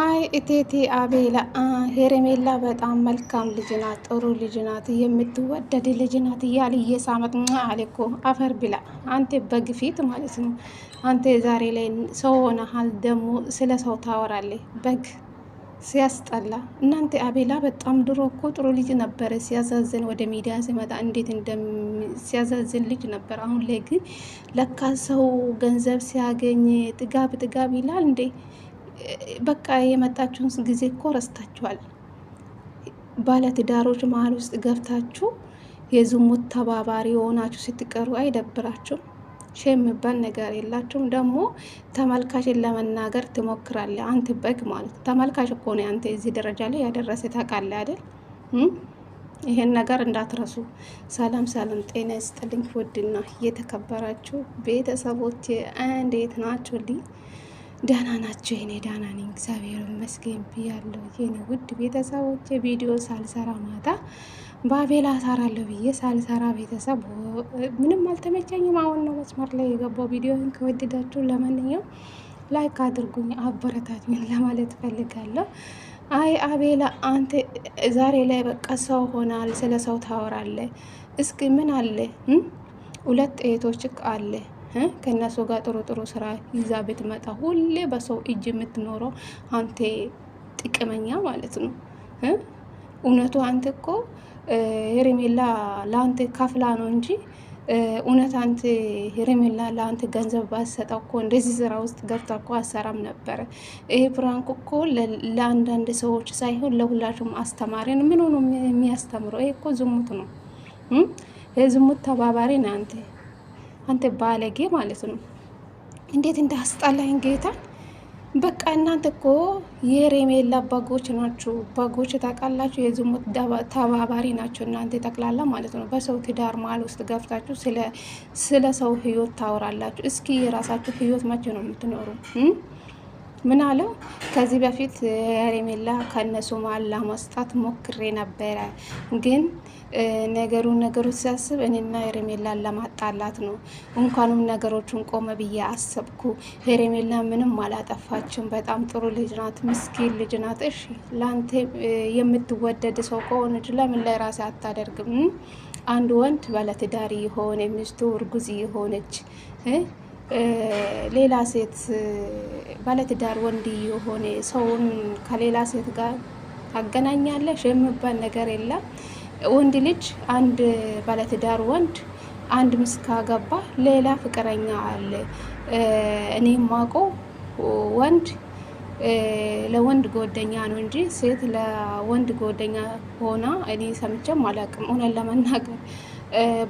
አይ እቴቴ አቤላ ሄረሜላ በጣም መልካም ልጅ ናት፣ ጥሩ ልጅ ናት፣ የምትወደድ ልጅ ናት እያለ እየሳመት አለ እኮ አፈር ብላ አንተ በግፊት ማለት ነው። አንተ ዛሬ ላይ ሰው ሆነሃል፣ ደግሞ ስለ ሰው ታወራለህ። በግ ሲያስጠላ እናንተ። አቤላ በጣም ድሮ እኮ ጥሩ ልጅ ነበረ፣ ሲያዛዝን ወደ ሚዲያ ሲመጣ እንዴት ሲያዛዝን ልጅ ነበር። አሁን ላይ ግን ለካ ሰው ገንዘብ ሲያገኝ ጥጋብ ጥጋብ ይላል እንዴ በቃ የመጣችሁን ጊዜ እኮ ረስታችኋል። ባለትዳሮች መሀል ውስጥ ገብታችሁ የዝሙት ተባባሪ የሆናችሁ ስትቀሩ አይደብራችሁም? ሸ የሚባል ነገር የላችሁም። ደግሞ ተመልካችን ለመናገር ትሞክራለ። አንተ በግ ማለት ተመልካች እኮ ነው አንተ እዚህ ደረጃ ላይ ያደረሰ ታውቃለህ አይደል? ይሄን ነገር እንዳትረሱ። ሰላም ሰላም፣ ጤና ይስጥልኝ ውድና የተከበራችሁ ቤተሰቦች እንዴት ናችሁ? ደህና ናቸው? የኔ ደህና ነኝ እግዚአብሔር ይመስገን ብያለሁ። የኔ ውድ ቤተሰቦች ቪዲዮ ሳልሰራ ማታ ባቤላ ሳራለሁ ብዬ ሳልሰራ ቤተሰብ ምንም አልተመቸኝም። አሁን ነው መስመር ላይ የገባው። ቪዲዮን ከወደዳችሁ ለማንኛው ላይክ አድርጉኝ፣ አበረታቱኝ ለማለት ፈልጋለሁ። አይ አቤላ አንተ ዛሬ ላይ በቃ ሰው ሆናል፣ ስለ ሰው ታወራለህ። እስኪ ምን አለ ሁለት እህቶች አለ ከእነሱ ጋር ጥሩ ጥሩ ስራ ይዛ ብትመጣ ሁሌ በሰው እጅ የምትኖረው አንተ ጥቅመኛ ማለት ነው። እውነቱ አንተ እኮ ሄርሜላ ለአንተ ከፍላ ነው እንጂ እውነት አንተ ሄርሜላ ለአንተ ገንዘብ ባሰጠው እኮ እንደዚህ ስራ ውስጥ ገብታ እኮ አሰራም ነበረ። ይሄ ፕራንክ እኮ ለአንዳንድ ሰዎች ሳይሆን ለሁላችሁም አስተማሪን ምን ሆኖ የሚያስተምረው ይሄ እኮ ዝሙት ነው። የዝሙት ተባባሪ ነው አንተ አንተ ባለጌ ማለት ነው። እንዴት እንዳስጣላኝ ጌታ። በቃ እናንተ እኮ የሬሜላ በጎች ናችሁ። በጎች ታውቃላችሁ፣ የዝሙት ተባባሪ ናችሁ እናንተ ጠቅላላ ማለት ነው። በሰው ትዳር መሀል ውስጥ ገብታችሁ ስለ ሰው ህይወት ታወራላችሁ። እስኪ የራሳችሁ ህይወት መቼ ነው የምትኖሩ? ምን አለው? ከዚህ በፊት ሄርሜላ ከነሱ መሀል ለማስጣት ሞክሬ ነበረ፣ ግን ነገሩን ነገሮች ሲያስብ እኔና ሄርሜላን ለማጣላት ነው። እንኳንም ነገሮቹን ቆመ ብዬ አሰብኩ። ሄርሜላ ምንም አላጠፋችም። በጣም ጥሩ ልጅ ናት፣ ምስኪን ልጅ ናት። እሺ ለአንተ የምትወደድ ሰው ከሆነች ለምን ለራሴ አታደርግም? አንድ ወንድ ባለትዳሪ የሆነ ሚስቱ እርጉዝ የሆነች ሌላ ሴት ባለትዳር ወንድ የሆነ ሰውን ከሌላ ሴት ጋር ታገናኛለሽ የሚባል ነገር የለም። ወንድ ልጅ አንድ ባለትዳር ወንድ አንድ ምስት ካገባ ሌላ ፍቅረኛ አለ። እኔ ማቆ ወንድ ለወንድ ጎደኛ ነው እንጂ ሴት ለወንድ ጎደኛ ሆና እኔ ሰምቼም አላውቅም እውነት ለመናገር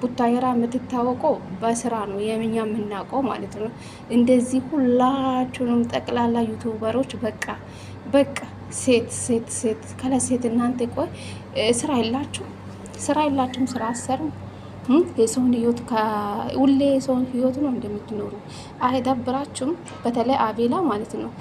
ቡታየራ የምትታወቀው በስራ ነው የምኛ የምናውቀው ማለት ነው። እንደዚህ ሁላችሁንም ጠቅላላ ዩቱበሮች በቃ በቃ ሴት ሴት ሴት ከለ ሴት እናንተ ቆይ ስራ የላችሁ ስራ የላችሁም። ስራ አሰርም የሰውን ህይወት ሁሌ የሰውን ህይወት ነው እንደምትኖሩ አይደብራችሁም? በተለይ አቤላ ማለት ነው።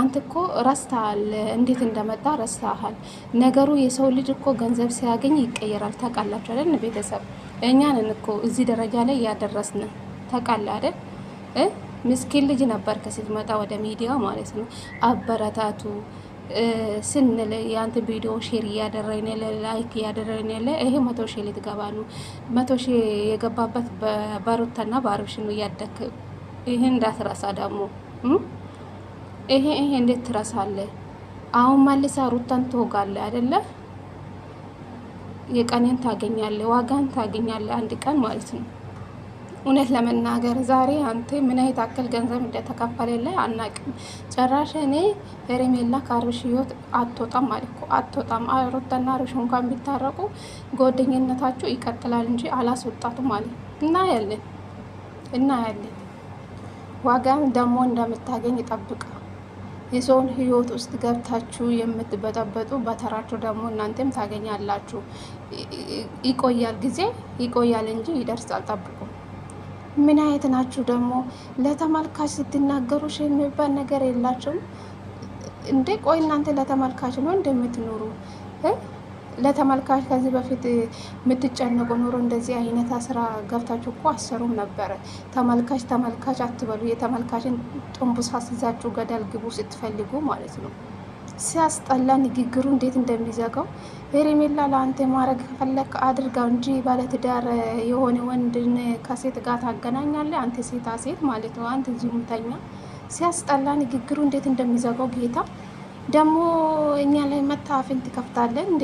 አንተ እኮ ረስተሃል፣ እንዴት እንደመጣ ረስተሃል። ነገሩ የሰው ልጅ እኮ ገንዘብ ሲያገኝ ይቀየራል። ታውቃላችሁ አይደል ቤተሰብ እኛን እኮ እዚህ ደረጃ ላይ እያደረስን ተቃለ አይደል? ምስኪን ልጅ ነበር ከስትመጣ ወደ ሚዲያ ማለት ነው። አበረታቱ ስንል የአንተ ቪዲዮ ሼር እያደረግን ያለ ላይክ እያደረግን ያለ ይሄ መቶ ሺ ልትገባ ነው። መቶ ሺ የገባበት በሩታና በአብርሽ ነው እያደክ ይሄ እንዳትረሳ ደግሞ ይሄ ይሄ እንዴት ትረሳለ? አሁን መልሳ ሩታን ትወጋለ አይደለ? የቀኔን ታገኛለ፣ ዋጋን ታገኛለ፣ አንድ ቀን ማለት ነው። እውነት ለመናገር ዛሬ አንተ ምን አይነት አክል ገንዘብ እንደተከፈለለ አናቅም። ጨራሽ እኔ ሄርሜላ ከአብርሽ ህይወት አትወጣም ማለት እኮ አትወጣም። ሩታና አብርሽ እንኳን ቢታረቁ ጓደኝነታችሁ ይቀጥላል እንጂ አላስወጣቱ ማለት እናያለን፣ እናያለን። ዋጋም ደግሞ እንደምታገኝ ይጠብቃል። የሰውን ህይወት ውስጥ ገብታችሁ የምትበጠበጡ በተራችሁ ደግሞ እናንተም ታገኛላችሁ። ይቆያል፣ ጊዜ ይቆያል እንጂ ይደርሳል። ጠብቁ። ምን አይነት ናችሁ ደግሞ? ለተመልካች ስትናገሩ የሚባል ነገር የላችሁም እንዴ? ቆይ እናንተ ለተመልካች ነው እንደምትኖሩ ለተመልካች ከዚህ በፊት የምትጨነቁ ኑሮ እንደዚህ አይነት ስራ ገብታችሁ እኮ አሰሩም ነበረ። ተመልካች ተመልካች አትበሉ። የተመልካችን ጥንቡሳ ይዛችሁ ገደል ግቡ ስትፈልጉ ማለት ነው። ሲያስጠላ ንግግሩ እንዴት እንደሚዘጋው ሄርሜላ፣ ለአንተ ማድረግ ከፈለግ አድርጋ እንጂ ባለትዳር የሆነ ወንድን ከሴት ጋር ታገናኛለ። አንተ ሴታ ሴት ማለት ነው። አንተ ዝሙተኛ። ሲያስጠላ ንግግሩ እንዴት እንደሚዘጋው ጌታ ደግሞ እኛ ላይ መታፍንት ትከፍታለን እንዴ?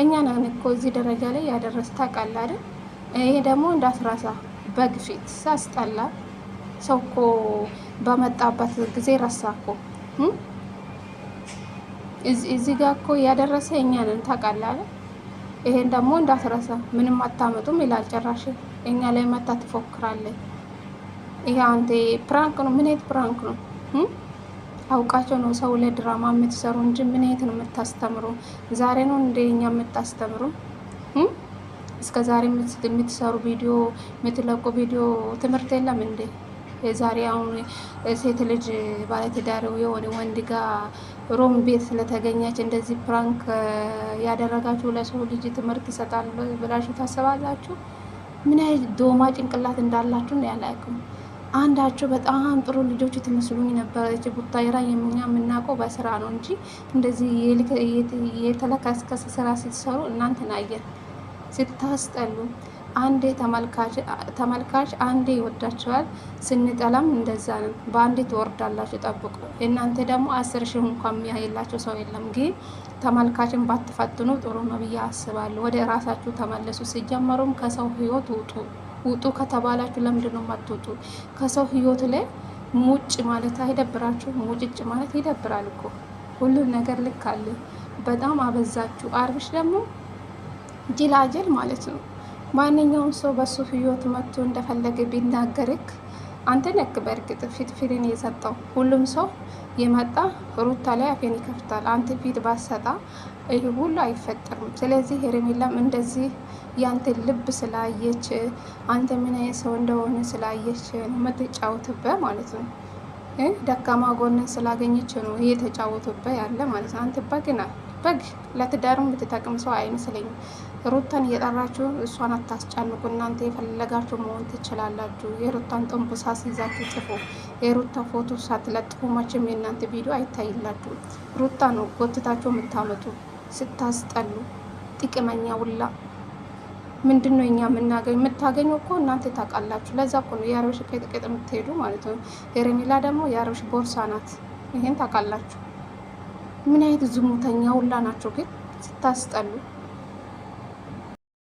እኛ እኮ እዚህ ደረጃ ላይ ያደረስ ታውቃለህ አይደል? ይሄ ደግሞ እንዳትረሳ። በግፊት ሳስጠላ ሰው እኮ በመጣበት ጊዜ ረሳ እኮ እዚህ ጋ እኮ እያደረሰ እኛ ነን ታውቃለህ ይሄን ደግሞ እንዳትረሳ። ምንም አታመጡም ይላል ጨራሽ እኛ ላይ መታ ትፎክራለች ይሄ አንተ ፕራንክ ነው። ምን አይነት ፕራንክ ነው? አውቃቸው ነው ሰው ለድራማ የምትሰሩ እንጂ ምን የት ነው የምታስተምሩ? ዛሬ ነው እንደኛ የምታስተምሩ? እስከ ዛሬ የምትሰሩ ቪዲዮ የምትለቁ ቪዲዮ ትምህርት የለም እንዴ? የዛሬ አሁን ሴት ልጅ ባለትዳሪው የሆነ ወንድ ጋር ሮም ቤት ስለተገኘች እንደዚህ ፕራንክ ያደረጋችሁ ለሰው ልጅ ትምህርት ይሰጣል ብላችሁ ታስባላችሁ? ምን ያህል ዶማ ጭንቅላት እንዳላችሁ ነው ያላቅም አንዳቸው በጣም ጥሩ ልጆች ትመስሉኝ ነበረች። ቡታየራ የምኛ የምናውቀው በስራ ነው እንጂ እንደዚህ የተለከስከስ ስራ ስትሰሩ እናንተን አየን ስታስጠሉ። አንዴ ተመልካች አንዴ ይወዳቸዋል፣ ስንጠላም እንደዛ ነው። በአንዴ ትወርዳላችሁ። ጠብቁ። እናንተ ደግሞ አስር ሺህ እንኳን የሚያየላቸው ሰው የለም። ግን ተመልካችን ባትፈትኑ ጥሩ ነው ብዬ አስባለሁ። ወደ ራሳችሁ ተመለሱ። ሲጀመሩም ከሰው ህይወት ውጡ። ውጡ ከተባላችሁ ለምንድን ነው የማትወጡ? ከሰው ህይወት ላይ ሙጭ ማለት አይደብራችሁ? ሙጭጭ ማለት ይደብራል እኮ ሁሉም ነገር ልክ አለ። በጣም አበዛችሁ። አብርሽ ደግሞ ጅላጅል ማለት ነው። ማንኛውም ሰው በሱ ህይወት መጥቶ እንደፈለገ ቢናገርክ አንተ ነክ በእርግጥ ፊት ፊልን የሰጠው ሁሉም ሰው የመጣ ሩታ ላይ አፌን ይከፍታል። አንተ ፊት ባሰጣ ይህ ሁሉ አይፈጠርም። ስለዚህ ሄርሜላም እንደዚህ ያንተ ልብ ስላየች አንተ ምን አይነት ሰው እንደሆነ ስላየች ነው የምትጫወትበት ማለት ነው። ደካማ ጎንን ስላገኘች ነው እየተጫወቱበት ያለ ማለት ነው። አንተ በግ በግ ለትዳርም ብትጠቅም ሰው አይመስለኝም። ሩታን እየጠራችሁ እሷን አታስጨንቁ። እናንተ የፈለጋችሁ መሆን ትችላላችሁ። የሩታን ጥንቡሳ ይዛችሁ ጽፎ የሩታ ፎቶ ሳትለጥፉ መቼም የእናንተ ቪዲዮ አይታይላችሁ። ሩታ ነው ጎትታችሁ የምታመጡ። ስታስጠሉ ጥቅመኛ ውላ ምንድን ነው እኛ የምናገኝ የምታገኙ እኮ እናንተ ታውቃላችሁ። ለዛ እኮ ነው የአረብሽ ቅጥቅጥ የምትሄዱ ማለት ነው። ሄሬሜላ ደግሞ የአረብሽ ቦርሳ ናት። ይሄን ታውቃላችሁ። ምን አይነት ዝሙተኛ ውላ ናቸው ግን ስታስጠሉ